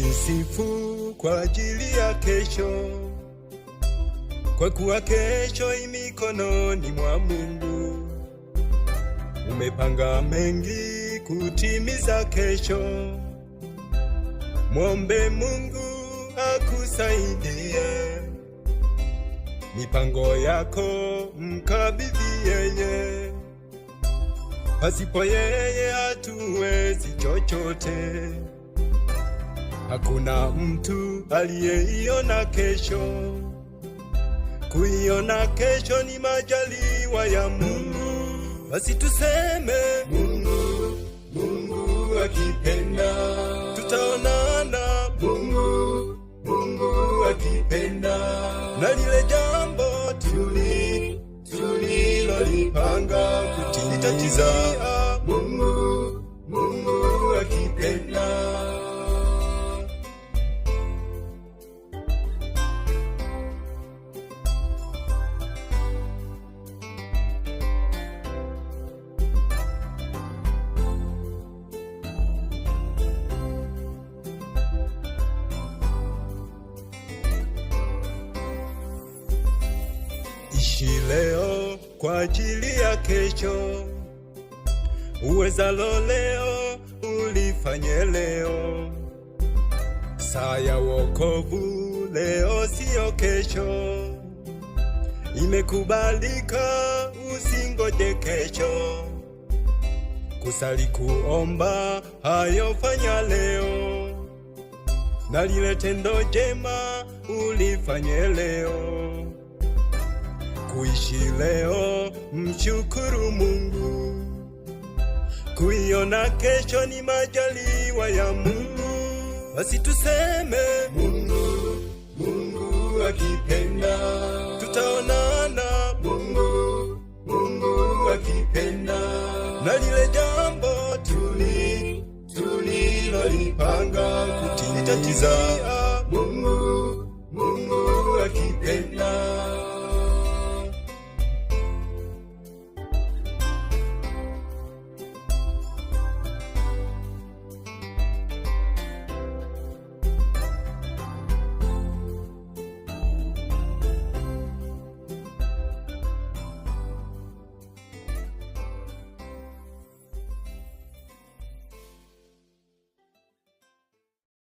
Jisifu kwa ajili ya kesho, kwa kuwa kesho imikononi mwa Mungu. Umepanga mengi kutimiza kesho, mwombe Mungu akusaidie mipango yako, mkabidhi yeye. Pasipo yeye hatuwezi chochote. Hakuna mtu aliyeiona kesho, kuiona kesho ni majaliwa ya Mungu. Basi tuseme Mungu, Mungu akipenda tutaonana, Mungu, Mungu akipenda, na lile jambo tuli tulilolipanga kutimiza Ishi leo kwa ajili ya kesho, uwezalo leo ulifanye leo. Saa ya wokovu leo, siyo kesho, imekubalika, usingoje kesho. Kusali, kuomba, hayo fanya leo, na lile tendo jema ulifanye leo kuishi leo, mshukuru Mungu. Kuiona kesho ni majaliwa ya Mungu, basi tuseme Mungu, Mungu akipenda tutaonana, Mungu, Mungu akipenda na lile jambo tulilolipanga kutimiza